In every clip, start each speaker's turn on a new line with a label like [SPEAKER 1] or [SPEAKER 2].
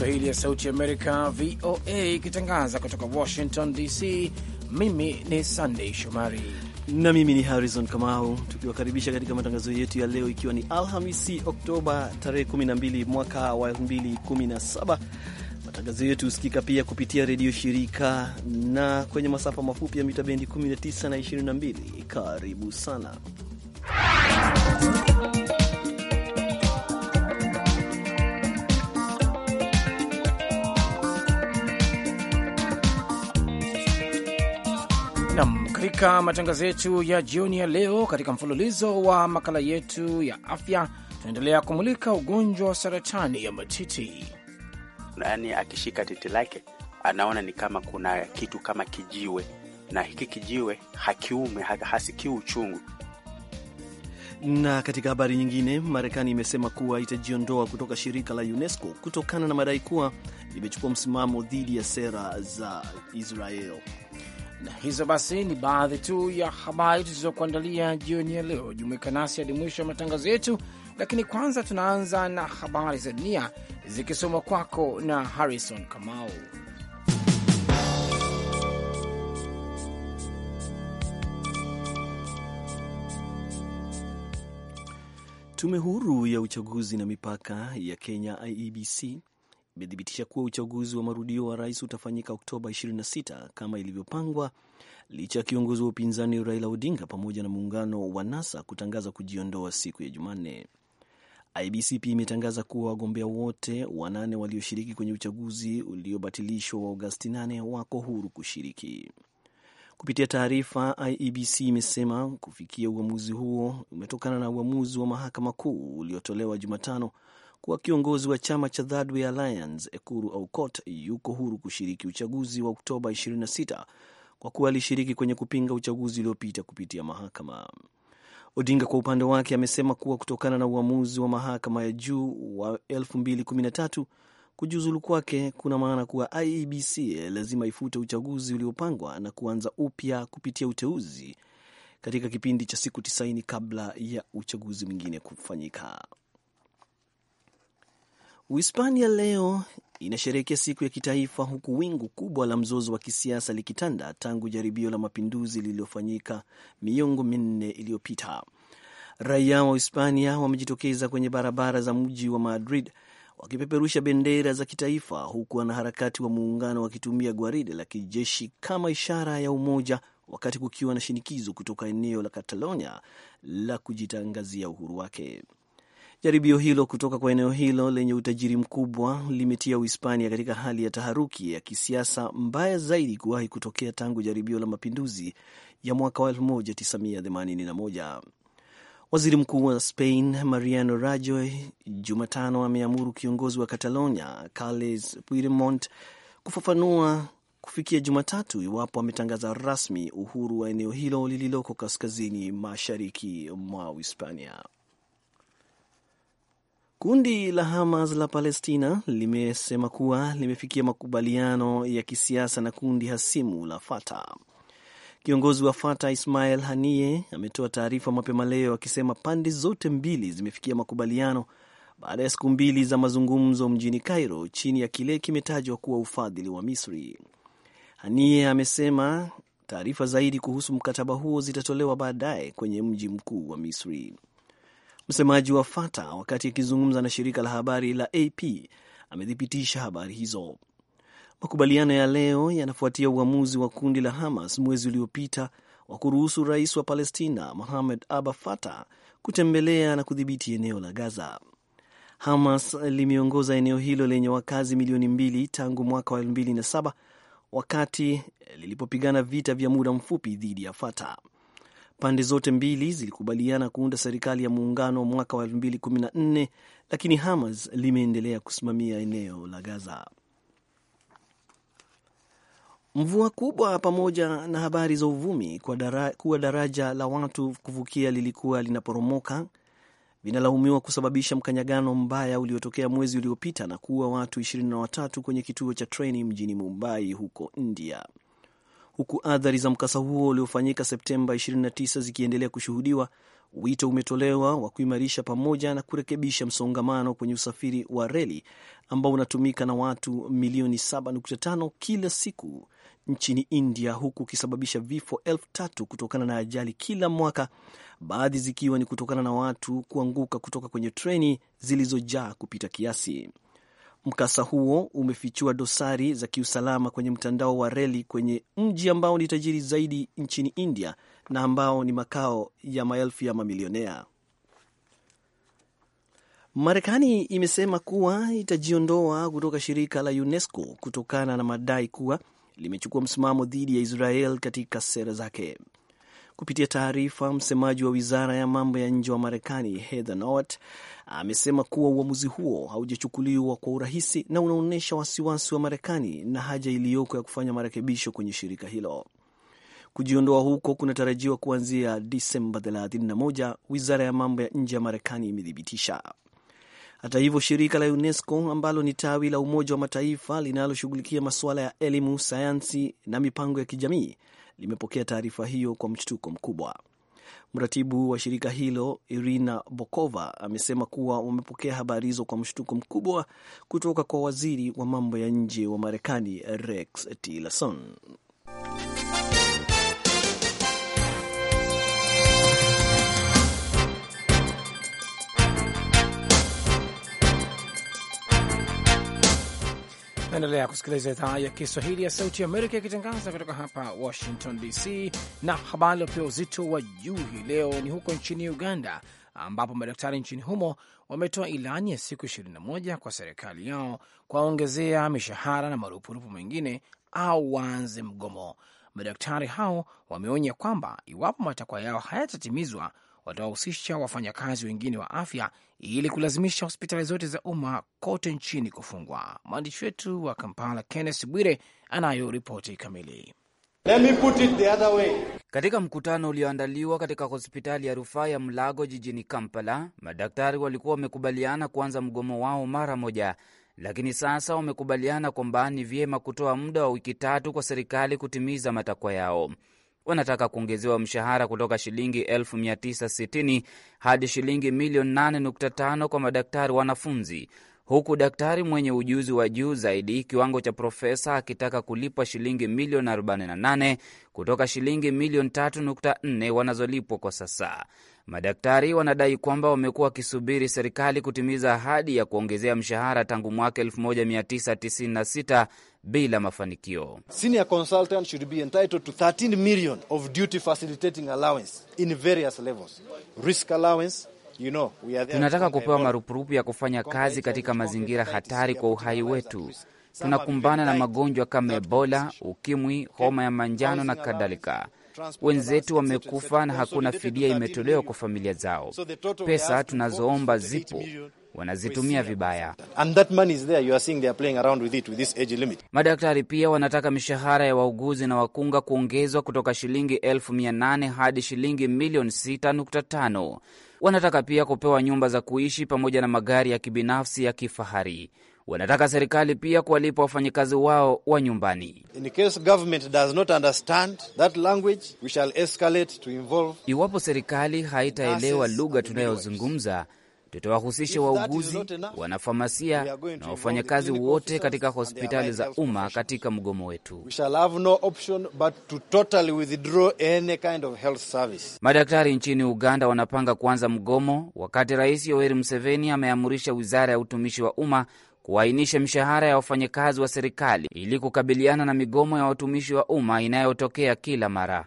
[SPEAKER 1] Kiswahili ya Sauti Amerika, VOA, ikitangaza kutoka Washington
[SPEAKER 2] DC. Mimi ni Sandei Shomari na mimi ni Harrison Kamau, tukiwakaribisha katika matangazo yetu ya leo, ikiwa ni Alhamisi Oktoba tarehe 12 mwaka wa 2017. Matangazo yetu husikika pia kupitia redio shirika na kwenye masafa mafupi ya mita bendi 19 na 22. Karibu sana
[SPEAKER 1] Nam, katika matangazo yetu ya jioni ya leo, katika mfululizo wa makala yetu ya afya, tunaendelea kumulika ugonjwa wa saratani ya matiti.
[SPEAKER 3] Yaani akishika titi lake anaona ni kama kuna kitu kama
[SPEAKER 2] kijiwe, na hiki kijiwe hakiume,
[SPEAKER 3] hasikii uchungu.
[SPEAKER 2] Na katika habari nyingine, Marekani imesema kuwa itajiondoa kutoka shirika la UNESCO kutokana na madai kuwa limechukua msimamo dhidi ya sera za Israel. Na hizo basi ni baadhi tu ya habari tulizokuandalia jioni ya leo. Jumuika
[SPEAKER 1] nasi hadi mwisho ya matangazo yetu, lakini kwanza tunaanza na habari za dunia zikisomwa kwako na Harrison Kamau.
[SPEAKER 2] Tume huru ya uchaguzi na mipaka ya Kenya IEBC imethibitisha kuwa uchaguzi wa marudio wa rais utafanyika Oktoba 26 kama ilivyopangwa licha ya kiongozi wa upinzani Raila Odinga pamoja na muungano wa NASA kutangaza kujiondoa siku ya Jumanne. pia imetangaza kuwa wagombea wote wanane walioshiriki kwenye uchaguzi uliobatilishwa wa Agosti 8 wako huru kushiriki. Kupitia taarifa, IEBC imesema kufikia uamuzi huo umetokana na uamuzi wa mahakama kuu uliotolewa Jumatano kuwa kiongozi wa chama cha Third Way Alliance Ekuru Aukot yuko huru kushiriki uchaguzi wa Oktoba 26 kwa kuwa alishiriki kwenye kupinga uchaguzi uliopita kupitia mahakama. Odinga kwa upande wake amesema kuwa kutokana na uamuzi wa mahakama ya juu wa 2013 kujiuzulu kwake kuna maana kuwa IEBC lazima ifute uchaguzi uliopangwa na kuanza upya kupitia uteuzi katika kipindi cha siku 90 kabla ya uchaguzi mwingine kufanyika. Uhispania leo inasherehekea siku ya kitaifa huku wingu kubwa la mzozo wa kisiasa likitanda tangu jaribio la mapinduzi lililofanyika miongo minne iliyopita. Raia wa Uhispania wamejitokeza kwenye barabara za mji wa Madrid wakipeperusha bendera za kitaifa, huku wanaharakati wa muungano wakitumia gwaride la kijeshi kama ishara ya umoja, wakati kukiwa na shinikizo kutoka eneo la Catalonia la kujitangazia uhuru wake. Jaribio hilo kutoka kwa eneo hilo lenye utajiri mkubwa limetia Uhispania katika hali ya taharuki ya kisiasa mbaya zaidi kuwahi kutokea tangu jaribio la mapinduzi ya mwaka wa 1981. Waziri Mkuu wa Spain Mariano Rajoy Jumatano ameamuru kiongozi wa Catalonia Carles Puigdemont kufafanua kufikia Jumatatu iwapo ametangaza rasmi uhuru wa eneo hilo lililoko kaskazini mashariki mwa Uhispania. Kundi la Hamas la Palestina limesema kuwa limefikia makubaliano ya kisiasa na kundi hasimu la Fatah. Kiongozi wa Fatah Ismail hanie ametoa taarifa mapema leo akisema pande zote mbili zimefikia makubaliano baada ya siku mbili za mazungumzo mjini Cairo chini ya kile kimetajwa kuwa ufadhili wa Misri. hanie amesema taarifa zaidi kuhusu mkataba huo zitatolewa baadaye kwenye mji mkuu wa Misri. Msemaji wa Fatah wakati akizungumza na shirika la habari la AP amethibitisha habari hizo. Makubaliano ya leo yanafuatia uamuzi wa kundi la Hamas mwezi uliopita wa kuruhusu rais wa Palestina Mohamed aba Fatah kutembelea na kudhibiti eneo la Gaza. Hamas limeongoza eneo hilo lenye wakazi milioni mbili tangu mwaka wa 2007 wakati lilipopigana vita vya muda mfupi dhidi ya Fatah. Pande zote mbili zilikubaliana kuunda serikali ya muungano mwaka wa 2014 lakini Hamas limeendelea kusimamia eneo la Gaza. Mvua kubwa pamoja na habari za uvumi kuwa dara, daraja la watu kuvukia lilikuwa linaporomoka vinalaumiwa kusababisha mkanyagano mbaya uliotokea mwezi uliopita na kuua watu 23 kwenye kituo cha treni mjini Mumbai huko India. Huku athari za mkasa huo uliofanyika Septemba 29 zikiendelea kushuhudiwa, wito umetolewa wa kuimarisha pamoja na kurekebisha msongamano kwenye usafiri wa reli ambao unatumika na watu milioni 7.5 kila siku nchini India, huku ukisababisha vifo elfu tatu kutokana na ajali kila mwaka, baadhi zikiwa ni kutokana na watu kuanguka kutoka kwenye treni zilizojaa kupita kiasi. Mkasa huo umefichua dosari za kiusalama kwenye mtandao wa reli kwenye mji ambao ni tajiri zaidi nchini India na ambao ni makao ya maelfu ya mamilionea. Marekani imesema kuwa itajiondoa kutoka shirika la UNESCO kutokana na madai kuwa limechukua msimamo dhidi ya Israel katika sera zake. Kupitia taarifa, msemaji wa wizara ya mambo ya nje wa Marekani Heather Nauert amesema kuwa uamuzi huo haujachukuliwa kwa urahisi na unaonyesha wasiwasi wa Marekani na haja iliyoko ya kufanya marekebisho kwenye shirika hilo. Kujiondoa huko kunatarajiwa kuanzia Disemba 31, wizara ya mambo ya nje ya Marekani imethibitisha. Hata hivyo, shirika la UNESCO ambalo ni tawi la Umoja wa Mataifa linaloshughulikia masuala ya elimu, sayansi na mipango ya kijamii limepokea taarifa hiyo kwa mshtuko mkubwa. Mratibu wa shirika hilo Irina Bokova amesema kuwa wamepokea habari hizo kwa mshtuko mkubwa kutoka kwa waziri wa mambo ya nje wa Marekani Rex Tillerson.
[SPEAKER 1] Naendelea kusikiliza idhaa ya Kiswahili ya Sauti Amerika ikitangaza kutoka hapa Washington DC, na habari iliyopewa uzito wa juu hii leo ni huko nchini Uganda, ambapo madaktari nchini humo wametoa ilani ya siku 21 kwa serikali yao kuwaongezea mishahara na marupurupu mengine au waanze mgomo. Madaktari hao wameonya kwamba iwapo matakwa yao hayatatimizwa watawahusisha wafanyakazi wengine wa afya ili kulazimisha hospitali zote za umma kote nchini
[SPEAKER 4] kufungwa. Mwandishi wetu wa Kampala, Kenneth Bwire, anayo ripoti kamili. Let me put it the other way. Katika mkutano ulioandaliwa katika hospitali ya rufaa ya mlago jijini Kampala, madaktari walikuwa wamekubaliana kuanza mgomo wao mara moja, lakini sasa wamekubaliana kwamba ni vyema kutoa muda wa wiki tatu kwa serikali kutimiza matakwa yao wanataka kuongezewa mshahara kutoka shilingi 960 hadi shilingi milioni 8.5 kwa madaktari wanafunzi huku daktari mwenye ujuzi wa juu zaidi kiwango cha profesa akitaka kulipwa shilingi milioni 48 kutoka shilingi milioni 3.4 wanazolipwa kwa sasa. Madaktari wanadai kwamba wamekuwa wakisubiri serikali kutimiza ahadi ya kuongezea mshahara tangu mwaka 1996 bila mafanikio.
[SPEAKER 3] Senior consultant should be entitled to 13 million of duty facilitating allowance in various levels.
[SPEAKER 4] Risk allowance,
[SPEAKER 3] you know, tunataka kupewa
[SPEAKER 4] marupurupu ya kufanya kazi katika mazingira hatari kwa uhai wetu. Tunakumbana na magonjwa kama Ebola, ukimwi, homa ya manjano na kadhalika. Wenzetu wamekufa na hakuna fidia imetolewa kwa familia zao. Pesa tunazoomba zipo, wanazitumia vibaya. Madaktari pia wanataka mishahara ya wauguzi na wakunga kuongezwa kutoka shilingi elfu mia nane hadi shilingi milioni 6.5. Wanataka pia kupewa nyumba za kuishi pamoja na magari ya kibinafsi ya kifahari. Wanataka serikali pia kuwalipa wafanyakazi wao wa nyumbani. Iwapo serikali haitaelewa lugha tunayozungumza Tutawahusisha wauguzi, wanafamasia na wafanyakazi wote katika hospitali za umma katika mgomo wetu. No
[SPEAKER 3] totally kind of
[SPEAKER 4] madaktari nchini Uganda wanapanga kuanza mgomo wakati Rais Yoweri Museveni ameamurisha wizara ya utumishi wa umma kuainisha mishahara ya wafanyakazi wa serikali ili kukabiliana na migomo ya watumishi wa umma inayotokea kila mara.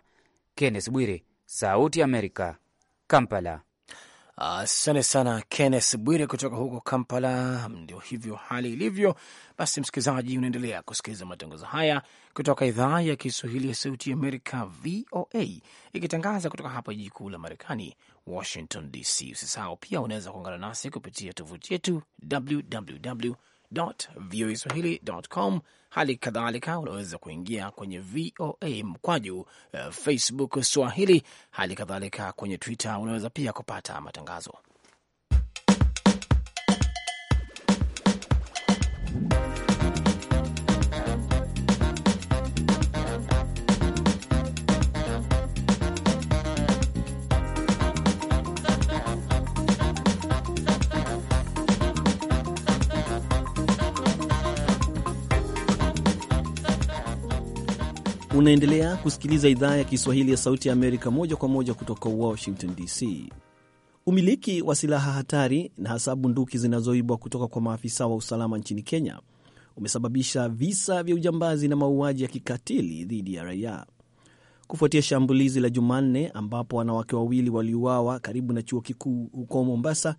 [SPEAKER 4] Kenneth Bwire, Sauti ya Amerika, Kampala. Asante uh, sana
[SPEAKER 1] kennes Bwire kutoka huko Kampala. Ndio hivyo hali ilivyo. Basi msikilizaji, unaendelea kusikiliza matangazo haya kutoka idhaa ya Kiswahili ya Sauti Amerika, VOA, ikitangaza kutoka hapa jiji kuu la Marekani, Washington DC. Usisahau pia, unaweza kuungana nasi kupitia tovuti yetu www voaswahili.com. Hali kadhalika unaweza kuingia kwenye VOA mkwaju uh, Facebook Swahili. Hali kadhalika kwenye Twitter unaweza pia kupata matangazo
[SPEAKER 2] Unaendelea kusikiliza idhaa ya Kiswahili ya Sauti ya Amerika moja kwa moja kutoka Washington DC. Umiliki wa silaha hatari na hasa bunduki zinazoibwa kutoka kwa maafisa wa usalama nchini Kenya umesababisha visa vya ujambazi na mauaji ya kikatili dhidi ya raia kufuatia shambulizi la Jumanne ambapo wanawake wawili waliuawa karibu na chuo kikuu huko Mombasa.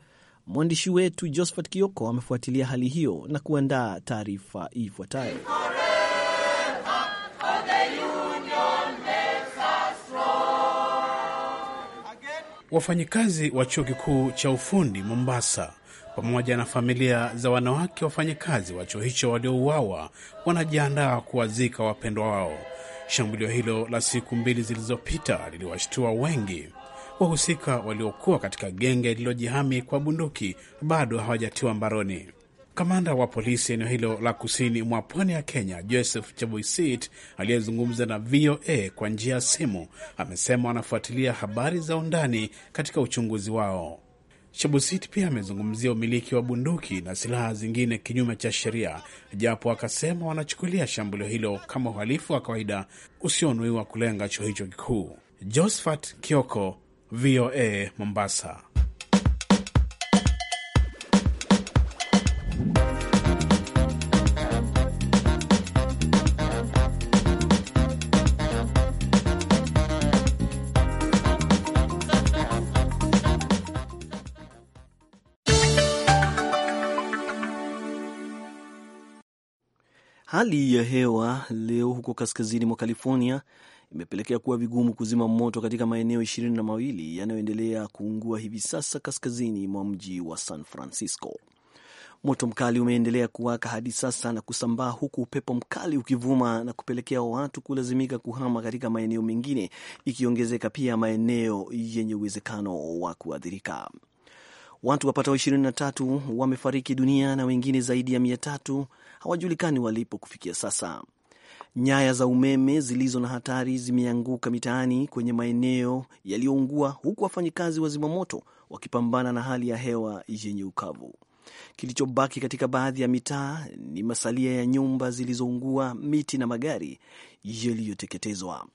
[SPEAKER 2] Mwandishi wetu Josphat Kioko amefuatilia hali hiyo na kuandaa taarifa ifuatayo. Wafanyikazi wa chuo
[SPEAKER 5] kikuu cha ufundi Mombasa pamoja na familia za wanawake wafanyikazi wa chuo hicho waliouawa wanajiandaa kuwazika wapendwa wao. Shambulio hilo la siku mbili zilizopita liliwashtua wengi. Wahusika waliokuwa katika genge lililojihami kwa bunduki bado hawajatiwa mbaroni. Kamanda wa polisi eneo hilo la kusini mwa pwani ya Kenya, Joseph Cheboisit, aliyezungumza na VOA kwa njia ya simu, amesema wanafuatilia habari za undani katika uchunguzi wao. Cheboisit pia amezungumzia umiliki wa bunduki na silaha zingine kinyume cha sheria, japo akasema wanachukulia shambulio hilo kama uhalifu wa kawaida usionuiwa kulenga chuo hicho kikuu. Josephat Kioko, VOA Mombasa.
[SPEAKER 2] Hali ya hewa leo huko kaskazini mwa California imepelekea kuwa vigumu kuzima moto katika maeneo ishirini na mawili yanayoendelea kuungua hivi sasa kaskazini mwa mji wa San Francisco. Moto mkali umeendelea kuwaka hadi sasa na kusambaa huku upepo mkali ukivuma na kupelekea watu kulazimika kuhama katika maeneo mengine, ikiongezeka pia maeneo yenye uwezekano wa kuathirika. Watu wapatao tatu wamefariki dunia na wengine zaidi ya mia tatu hawajulikani walipo kufikia sasa. Nyaya za umeme zilizo na hatari zimeanguka mitaani kwenye maeneo yaliyoungua, huku wafanyikazi wa zimamoto wakipambana na hali ya hewa yenye ukavu. Kilichobaki katika baadhi ya mitaa ni masalia ya nyumba zilizoungua, miti na magari yaliyoteketezwa.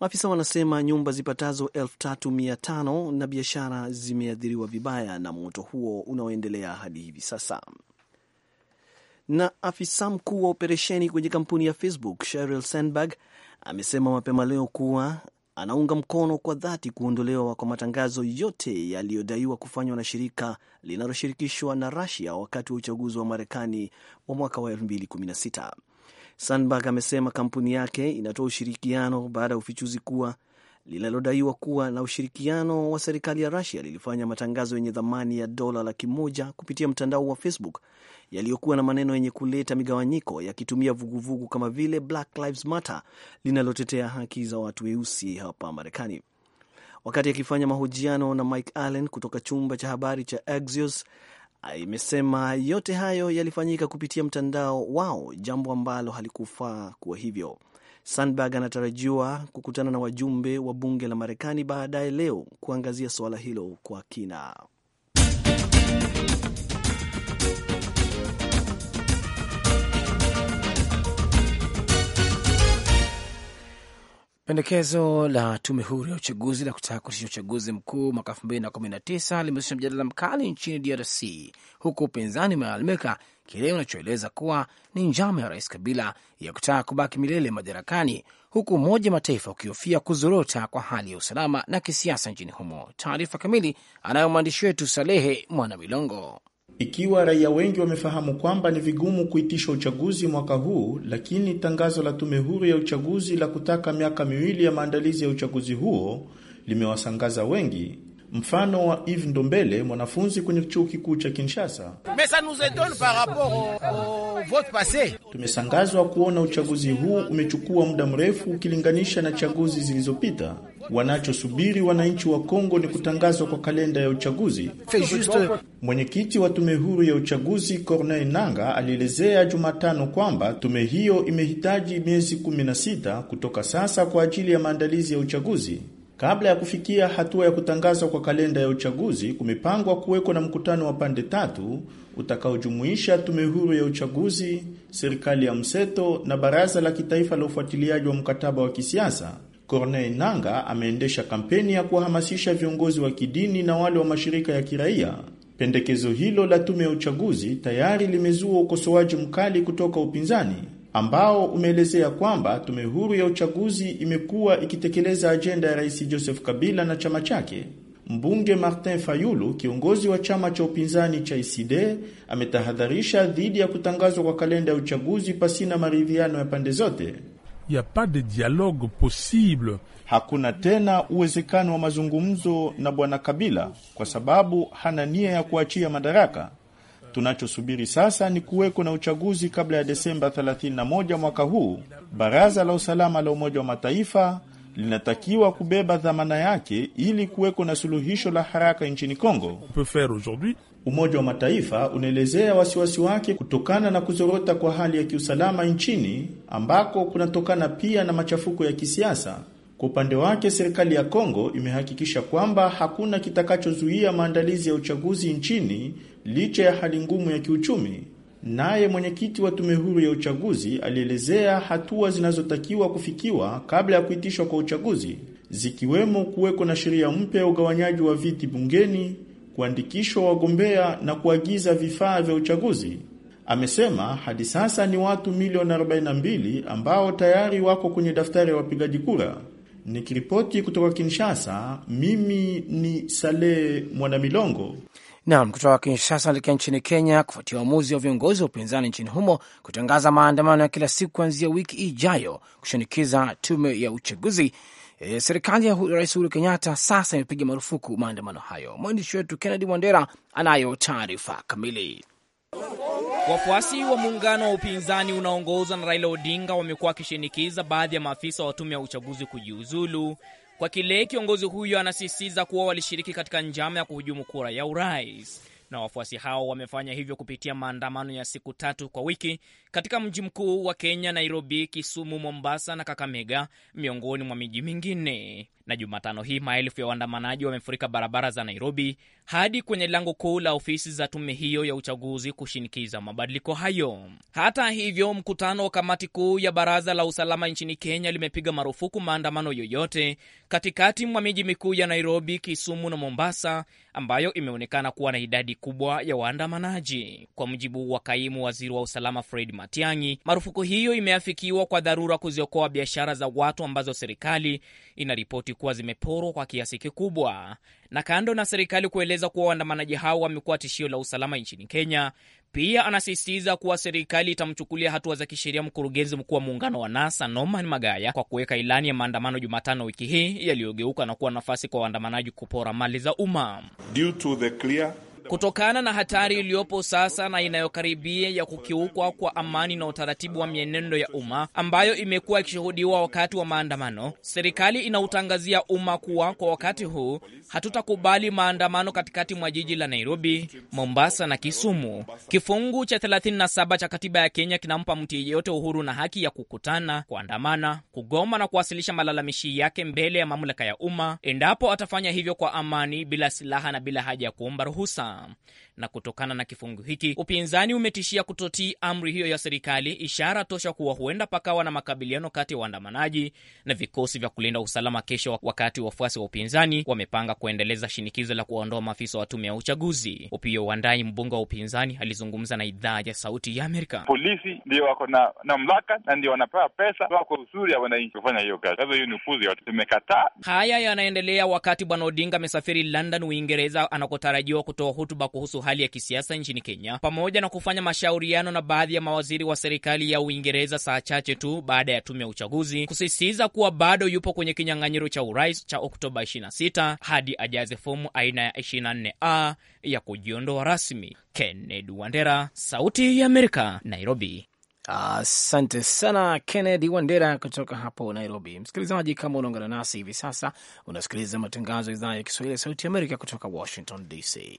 [SPEAKER 2] Maafisa wanasema nyumba zipatazo elfu tatu mia tano na biashara zimeathiriwa vibaya na moto huo unaoendelea hadi hivi sasa na afisa mkuu wa operesheni kwenye kampuni ya Facebook Sheryl Sandberg amesema mapema leo kuwa anaunga mkono kwa dhati kuondolewa kwa matangazo yote yaliyodaiwa kufanywa na shirika linaloshirikishwa na Russia wakati wa uchaguzi wa Marekani wa mwaka wa 2016. Sandberg amesema kampuni yake inatoa ushirikiano baada ya ufichuzi kuwa linalodaiwa kuwa na ushirikiano wa serikali ya Rusia lilifanya matangazo yenye thamani ya dola laki moja kupitia mtandao wa Facebook yaliyokuwa na maneno yenye kuleta migawanyiko yakitumia vuguvugu kama vile Black Lives Matter linalotetea haki za watu weusi hapa Marekani. Wakati akifanya mahojiano na Mike Allen kutoka chumba cha habari cha Axios, imesema yote hayo yalifanyika kupitia mtandao wao, jambo ambalo halikufaa kuwa hivyo. Sandberg anatarajiwa kukutana na wajumbe wa bunge la Marekani baadaye leo kuangazia suala hilo kwa kina.
[SPEAKER 1] Pendekezo la tume huru ya uchaguzi la kutaka kutisha uchaguzi mkuu mwaka 2019 limezusha mjadala mkali nchini DRC, huku upinzani umealamika kile unachoeleza kuwa ni njama ya Rais Kabila ya kutaka kubaki milele madarakani, huku Umoja Mataifa ukihofia kuzorota kwa hali ya usalama na kisiasa nchini humo. Taarifa kamili anayo mwandishi wetu Salehe Mwanamilongo.
[SPEAKER 5] Ikiwa raia wengi wamefahamu kwamba ni vigumu kuitisha uchaguzi mwaka huu, lakini tangazo la tume huru ya uchaguzi la kutaka miaka miwili ya maandalizi ya uchaguzi huo limewasangaza wengi, mfano wa Yves Ndombele, mwanafunzi kwenye chuo kikuu cha Kinshasa. Tumesangazwa kuona uchaguzi huu umechukua muda mrefu ukilinganisha na chaguzi zilizopita. Wanachosubiri wananchi wa Kongo ni kutangazwa kwa kalenda ya uchaguzi. Mwenyekiti wa tume huru ya uchaguzi Corneille Nanga alielezea Jumatano kwamba tume hiyo imehitaji miezi 16 kutoka sasa kwa ajili ya maandalizi ya uchaguzi. Kabla ya kufikia hatua ya kutangazwa kwa kalenda ya uchaguzi, kumepangwa kuwekwa na mkutano wa pande tatu utakaojumuisha tume huru ya uchaguzi, serikali ya mseto na baraza la kitaifa la ufuatiliaji wa mkataba wa kisiasa. Corneille Nanga ameendesha kampeni ya kuwahamasisha viongozi wa kidini na wale wa mashirika ya kiraia. Pendekezo hilo la tume ya uchaguzi tayari limezua ukosoaji mkali kutoka upinzani ambao umeelezea kwamba tume huru ya uchaguzi imekuwa ikitekeleza ajenda ya Rais Joseph Kabila na chama chake. Mbunge Martin Fayulu, kiongozi wa chama cha upinzani cha ICD, ametahadharisha dhidi ya kutangazwa kwa kalenda ya uchaguzi pasina maridhiano ya pande zote. Ya pas de dialogue possible. Hakuna tena uwezekano wa mazungumzo na bwana Kabila kwa sababu hana nia ya kuachia madaraka. Tunachosubiri sasa ni kuweko na uchaguzi kabla ya Desemba 31 mwaka huu. Baraza la Usalama la Umoja wa Mataifa linatakiwa kubeba dhamana yake ili kuweko na suluhisho la haraka nchini Kongo. Umoja wa Mataifa unaelezea wasiwasi wake kutokana na kuzorota kwa hali ya kiusalama nchini ambako kunatokana pia na machafuko ya kisiasa. Kwa upande wake, serikali ya Kongo imehakikisha kwamba hakuna kitakachozuia maandalizi ya uchaguzi nchini licha ya hali ngumu ya kiuchumi. Naye mwenyekiti wa tume huru ya uchaguzi alielezea hatua zinazotakiwa kufikiwa kabla ya kuitishwa kwa uchaguzi, zikiwemo kuweko na sheria mpya ya ugawanyaji wa viti bungeni, kuandikishwa wagombea na kuagiza vifaa vya uchaguzi. Amesema hadi sasa ni watu milioni 42 ambao tayari wako kwenye daftari ya wapigaji kura.
[SPEAKER 1] Nikiripoti kutoka Kinshasa, mimi ni Saleh Mwanamilongo. Nam kutoka Kinshasa alikia nchini Kenya kufuatia uamuzi wa viongozi wa upinzani nchini humo kutangaza maandamano ya kila siku kuanzia wiki ijayo kushinikiza tume ya uchaguzi. E, serikali ya Rais Uhuru Kenyatta sasa imepiga marufuku maandamano hayo. Mwandishi wetu Kennedy mwandera anayo taarifa kamili.
[SPEAKER 6] Wafuasi wa muungano wa upinzani unaoongozwa na Raila Odinga wamekuwa wakishinikiza baadhi ya maafisa wa tume ya uchaguzi kujiuzulu kwa kile kiongozi huyo anasisitiza kuwa walishiriki katika njama ya kuhujumu kura ya urais na wafuasi hao wamefanya hivyo kupitia maandamano ya siku tatu kwa wiki katika mji mkuu wa Kenya, Nairobi, Kisumu, Mombasa na Kakamega, miongoni mwa miji mingine. Na Jumatano hii maelfu ya waandamanaji wamefurika barabara za Nairobi hadi kwenye lango kuu la ofisi za tume hiyo ya uchaguzi kushinikiza mabadiliko hayo. Hata hivyo, mkutano wa kamati kuu ya baraza la usalama nchini Kenya limepiga marufuku maandamano yoyote katikati mwa miji mikuu ya Nairobi, Kisumu na Mombasa, ambayo imeonekana kuwa na idadi kubwa ya waandamanaji, kwa mujibu wa kaimu waziri wa usalama Fred Matiang'i, marufuku hiyo imeafikiwa kwa dharura kuziokoa biashara za watu ambazo serikali inaripoti kuwa zimeporwa kwa kiasi kikubwa. Na kando na serikali kueleza kuwa waandamanaji hao wamekuwa tishio la usalama nchini Kenya, pia anasisitiza kuwa serikali itamchukulia hatua za kisheria mkurugenzi mkuu wa muungano wa NASA Norman Magaya kwa kuweka ilani ya maandamano Jumatano wiki hii yaliyogeuka na kuwa nafasi kwa waandamanaji kupora mali za umma.
[SPEAKER 5] Due to the clear
[SPEAKER 6] Kutokana na hatari iliyopo sasa na inayokaribia ya kukiukwa kwa amani na utaratibu wa mienendo ya umma ambayo imekuwa ikishuhudiwa wakati wa maandamano, serikali inautangazia umma kuwa kwa wakati huu Hatutakubali maandamano katikati mwa jiji la Nairobi, Mombasa na Kisumu. Kifungu cha 37 cha katiba ya Kenya kinampa mtu yeyote uhuru na haki ya kukutana, kuandamana, kugoma na kuwasilisha malalamishi yake mbele ya mamlaka ya umma, endapo atafanya hivyo kwa amani, bila silaha na bila haja ya kuomba ruhusa na kutokana na kifungu hiki upinzani umetishia kutotii amri hiyo ya serikali, ishara tosha kuwa huenda pakawa na makabiliano kati ya waandamanaji na vikosi vya kulinda usalama kesho, wakati wafuasi wa upinzani wamepanga kuendeleza shinikizo la kuwaondoa maafisa wa tume ya uchaguzi. Upio Wandai, mbunge wa upinzani, alizungumza na idhaa ya Sauti ya Amerika.
[SPEAKER 5] Polisi ndio wako na mlaka na ndio wanapewa pesa wako kusudi ya wananchi kufanya hiyo kazi. Sasa hiyo ni upuzi, tumekataa.
[SPEAKER 6] Haya yanaendelea wakati Bwana Odinga amesafiri London, Uingereza, anakotarajiwa kutoa hutuba kuhusu hali ya kisiasa nchini Kenya, pamoja na kufanya mashauriano na baadhi ya mawaziri wa serikali ya Uingereza saa chache tu baada ya tume ya uchaguzi kusisitiza kuwa bado yupo kwenye kinyang'anyiro cha urais cha Oktoba 26 hadi ajaze fomu aina ya 24A ya kujiondoa rasmi. Kennedy Wandera, Sauti ya Amerika, Nairobi.
[SPEAKER 1] Asante uh, sana Kennedy Wandera kutoka hapo Nairobi. Msikilizaji, kama unaungana nasi hivi sasa, unasikiliza matangazo ya idhaa ya Kiswahili ya Sauti Amerika kutoka Washington DC.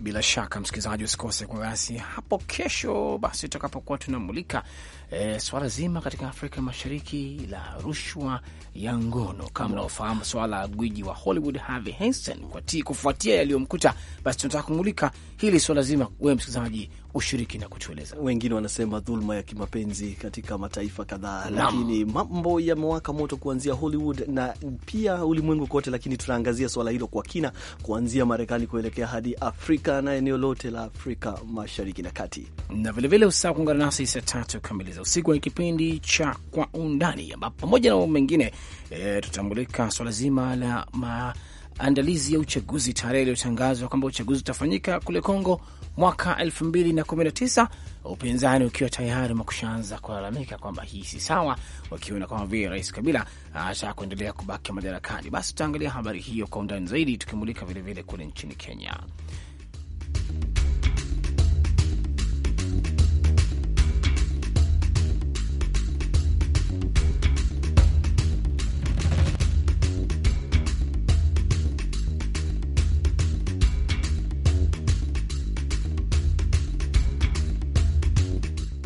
[SPEAKER 1] Bila shaka msikilizaji, usikose kwa basi hapo kesho, basi tutakapokuwa tunamulika e, swala zima katika Afrika Mashariki la rushwa ya ngono, kama unaofahamu swala la gwiji wa Hollywood Harvey Weinstein kufuatia yaliyomkuta, basi tunataka kumulika hili swala zima, wewe msikilizaji
[SPEAKER 2] ushiriki na kutueleza. Wengine wanasema dhuluma ya kimapenzi katika mataifa kadhaa, lakini mambo yamewaka moto kuanzia Hollywood na pia ulimwengu kote, lakini tunaangazia swala hilo kwa kina kuanzia Marekani kuelekea hadi Afrika na eneo lote la Afrika Mashariki na Kati. Na vilevile usaa kuungana nasi saa tatu kamili za
[SPEAKER 1] usiku kwenye kipindi cha Kwa Undani, ambapo pamoja na mambo mengine e, tutambulika swala zima la maandalizi ya uchaguzi, tarehe iliyotangazwa kwamba uchaguzi utafanyika kule Kongo mwaka 2019, upinzani ukiwa tayari umekushaanza kulalamika kwamba hii si sawa, wakiona kama vile Rais Kabila anataka kuendelea kubaki madarakani. Basi tutaangalia habari hiyo kwa undani zaidi, tukimulika vilevile kule nchini Kenya.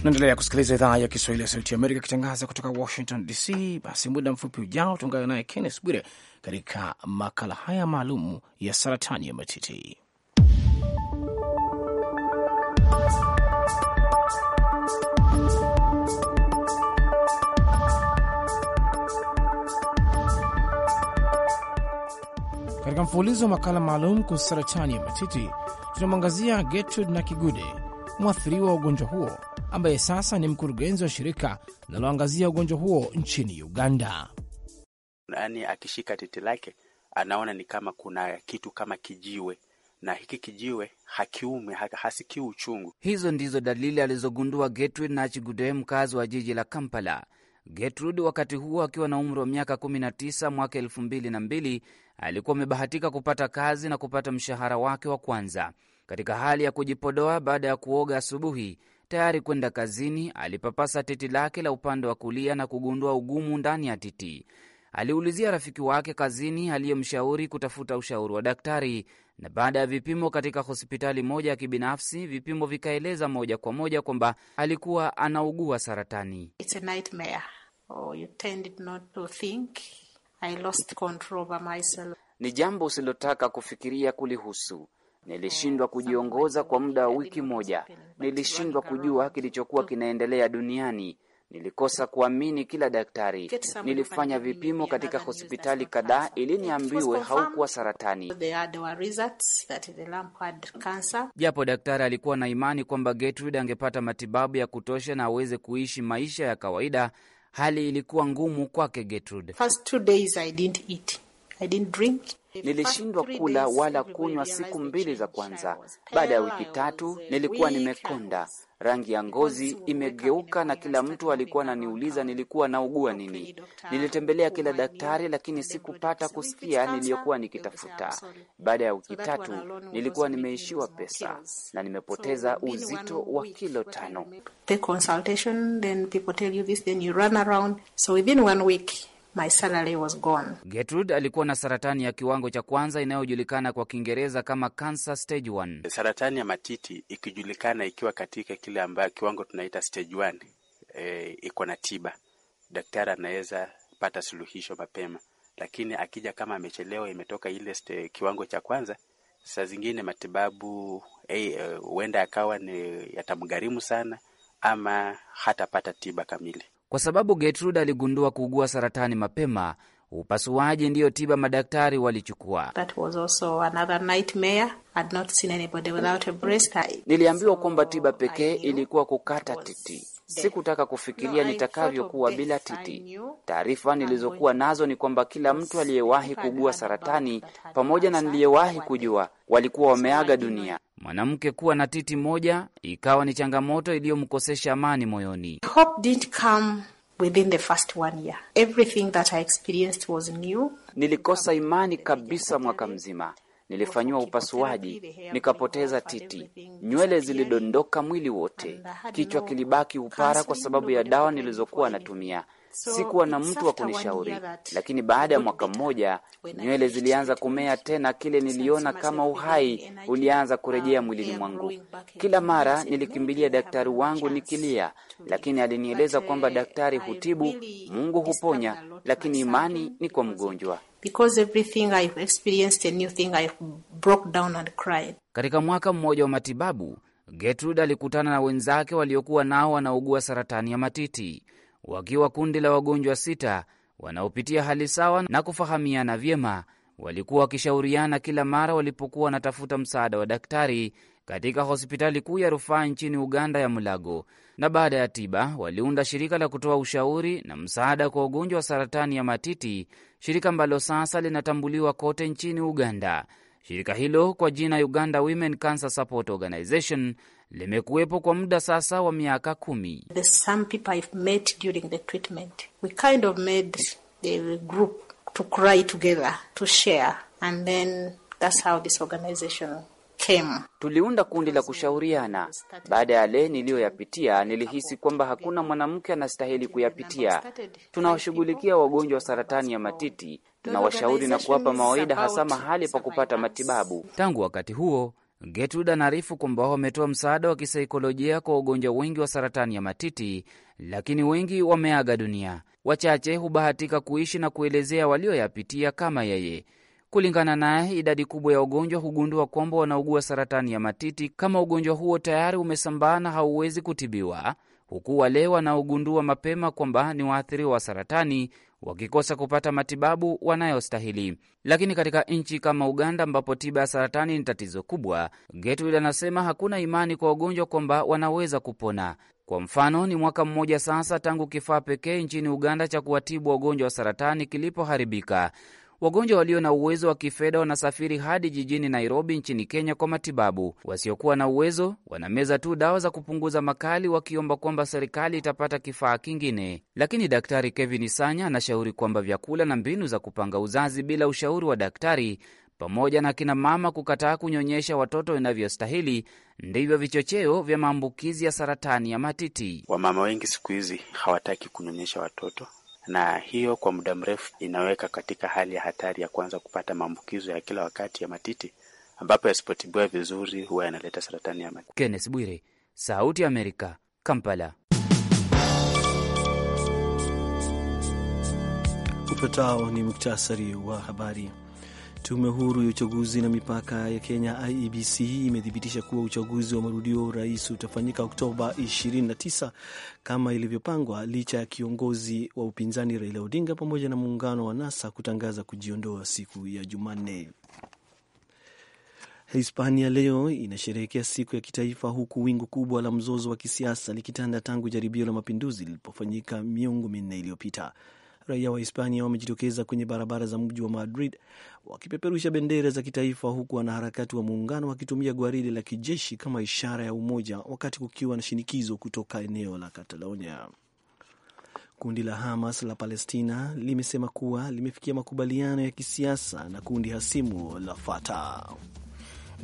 [SPEAKER 1] Naendelea kusikiliza idhaa ya Kiswahili ya Sauti ya Amerika ikitangaza kutoka Washington DC. Basi muda mfupi ujao tuungana naye Kennes Bwire katika makala haya maalum ya saratani ya matiti. Katika mfululizo wa makala maalum kuhusu saratani ya matiti tunamwangazia getrud na Kigude mwathiriwa wa ugonjwa huo ambaye sasa ni mkurugenzi wa shirika linaloangazia ugonjwa huo nchini Uganda.
[SPEAKER 3] Yani, akishika titi lake anaona ni kama kuna kitu kama kijiwe, na hiki kijiwe hakiumi, hasikii uchungu.
[SPEAKER 4] Hizo ndizo dalili alizogundua Gertrude Nachigude, mkazi wa jiji la Kampala. Gertrude wakati huo akiwa na umri wa miaka 19 mwaka e22 alikuwa amebahatika kupata kazi na kupata mshahara wake wa kwanza katika hali ya kujipodoa baada ya kuoga asubuhi, tayari kwenda kazini, alipapasa titi lake la upande wa kulia na kugundua ugumu ndani ya titi. Aliulizia rafiki wake kazini aliyemshauri kutafuta ushauri wa daktari, na baada ya vipimo katika hospitali moja ya kibinafsi, vipimo vikaeleza moja kwa moja kwamba alikuwa anaugua saratani. Oh, Ni jambo usilotaka kufikiria kulihusu. Nilishindwa kujiongoza kwa muda wa wiki moja. Nilishindwa kujua kilichokuwa kinaendelea duniani. Nilikosa kuamini kila daktari. Nilifanya vipimo katika hospitali kadhaa ili niambiwe haukuwa saratani, japo daktari alikuwa na imani kwamba Gertrude angepata matibabu ya kutosha na aweze kuishi maisha ya kawaida. Hali ilikuwa ngumu kwake Gertrude. Nilishindwa kula wala kunywa siku mbili za kwanza. Baada ya wiki tatu nilikuwa nimekonda, rangi ya ngozi imegeuka, na kila mtu alikuwa ananiuliza nilikuwa naugua nini. Nilitembelea kila daktari, lakini sikupata kusikia niliyokuwa nikitafuta. Baada ya wiki tatu nilikuwa nimeishiwa pesa na nimepoteza uzito wa kilo tano.
[SPEAKER 7] My salary was gone.
[SPEAKER 4] Gertrude alikuwa na saratani ya kiwango cha kwanza inayojulikana kwa Kiingereza kama cancer stage one. Saratani
[SPEAKER 3] ya matiti ikijulikana ikiwa katika kile ambayo kiwango tunaita stage e, iko na tiba. Daktari anaweza pata suluhisho mapema, lakini akija kama amechelewa, imetoka ile kiwango cha kwanza, saa zingine matibabu eh, huenda hey, uh, akawa ni yatamgharimu sana ama hatapata tiba
[SPEAKER 4] kamili. Kwa sababu Gertrude aligundua kuugua saratani mapema, upasuaji ndiyo tiba madaktari walichukua. Niliambiwa kwamba tiba pekee ilikuwa kukata titi. Sikutaka kufikiria nitakavyokuwa bila Titi. Taarifa nilizokuwa nazo ni kwamba kila mtu aliyewahi kugua saratani pamoja na niliyewahi kujua walikuwa wameaga dunia. Mwanamke kuwa na titi moja ikawa ni changamoto iliyomkosesha amani moyoni. Nilikosa imani kabisa mwaka mzima. Nilifanyiwa upasuaji, nikapoteza titi, nywele zilidondoka mwili wote, kichwa kilibaki upara kwa sababu ya dawa nilizokuwa natumia. Sikuwa na mtu wa kunishauri, lakini baada ya mwaka mmoja nywele zilianza kumea tena. Kile niliona kama uhai ulianza kurejea um, mwilini mwangu. Kila mara nilikimbilia daktari wangu nikilia, lakini alinieleza kwamba eh, daktari hutibu, Mungu huponya, lakini imani ni kwa mgonjwa. Katika
[SPEAKER 7] mwaka mmoja
[SPEAKER 4] wa matibabu, Gertrude alikutana na wenzake waliokuwa nao wanaugua saratani ya matiti wakiwa kundi la wagonjwa sita wanaopitia hali sawa na kufahamiana vyema. Walikuwa wakishauriana kila mara walipokuwa wanatafuta msaada wa daktari katika hospitali kuu ya rufaa nchini Uganda ya Mulago, na baada ya tiba waliunda shirika la kutoa ushauri na msaada kwa ugonjwa wa saratani ya matiti, shirika ambalo sasa linatambuliwa kote nchini Uganda. Shirika hilo kwa jina Uganda Women Cancer Support Organization limekuwepo kwa muda sasa wa miaka kumi. Tuliunda kundi la kushauriana. Baada ya le niliyoyapitia, nilihisi kwamba hakuna mwanamke anastahili kuyapitia. Tunawashughulikia wagonjwa wa saratani ya matiti, tunawashauri na kuwapa mawaida, hasa mahali pa kupata matibabu. Tangu wakati huo Getrude anaarifu kwamba wametoa msaada wa kisaikolojia kwa wagonjwa wengi wa saratani ya matiti, lakini wengi wameaga dunia. Wachache hubahatika kuishi na kuelezea walioyapitia kama yeye. Kulingana naye, idadi kubwa ya wagonjwa hugundua kwamba wanaugua saratani ya matiti kama ugonjwa huo tayari umesambaa na hauwezi kutibiwa, huku wale wanaogundua mapema kwamba ni waathiriwa wa saratani wakikosa kupata matibabu wanayostahili. Lakini katika nchi kama Uganda, ambapo tiba ya saratani ni tatizo kubwa, Getrude anasema hakuna imani kwa wagonjwa kwamba wanaweza kupona. Kwa mfano, ni mwaka mmoja sasa tangu kifaa pekee nchini Uganda cha kuwatibu wagonjwa wa saratani kilipoharibika. Wagonjwa walio na uwezo wa kifedha wanasafiri hadi jijini Nairobi nchini Kenya kwa matibabu. Wasiokuwa na uwezo wanameza tu dawa za kupunguza makali, wakiomba kwamba serikali itapata kifaa kingine. Lakini Daktari Kevin Sanya anashauri kwamba vyakula na mbinu za kupanga uzazi bila ushauri wa daktari pamoja na kina mama kukataa kunyonyesha watoto inavyostahili ndivyo vichocheo vya maambukizi ya saratani ya matiti. Wamama wengi siku hizi hawataki kunyonyesha watoto na hiyo kwa muda mrefu inaweka katika hali ya hatari ya kuanza kupata maambukizo ya kila wakati ya matiti ambapo yasipotibiwa vizuri huwa yanaleta saratani ya matiti. Kenneth Bwire, Sauti ya Amerika, Kampala.
[SPEAKER 2] Ufuatao ni muktasari wa habari. Tume huru ya uchaguzi na mipaka ya Kenya, IEBC, imethibitisha kuwa uchaguzi wa marudio rais utafanyika Oktoba 29 kama ilivyopangwa, licha ya kiongozi wa upinzani Raila Odinga pamoja na muungano wa NASA kutangaza kujiondoa siku ya Jumanne. Hispania leo inasherehekea siku ya kitaifa huku wingu kubwa la mzozo wa kisiasa likitanda tangu jaribio la mapinduzi lilipofanyika miongo minne iliyopita raia wa Hispania wamejitokeza kwenye barabara za mji wa Madrid wakipeperusha bendera za kitaifa, huku wanaharakati wa muungano wakitumia gwaridi la kijeshi kama ishara ya umoja, wakati kukiwa na shinikizo kutoka eneo la Catalonia. Kundi la Hamas la Palestina limesema kuwa limefikia makubaliano ya kisiasa na kundi hasimu la Fatah.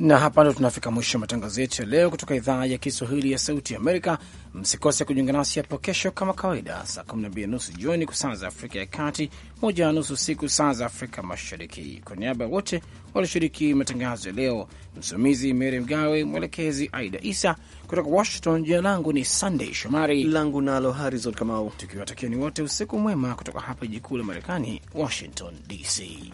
[SPEAKER 1] Na hapa ndo tunafika mwisho wa matangazo yetu ya leo kutoka idhaa ya Kiswahili ya Sauti Amerika. Msikose kujiunga nasi hapo kesho kama kawaida, saa 12 na nusu jioni kwa saa za Afrika ya Kati, moja na nusu usiku saa za Afrika Mashariki. Kwa niaba ya wote walioshiriki matangazo ya leo, msimamizi Mary Mgawe, mwelekezi Aida Isa kutoka Washington. Jina langu ni sandey Shomari, langu nalo Harizon Kamau, tukiwatakia ni wote usiku mwema kutoka hapa jijikuu la Marekani, Washington DC.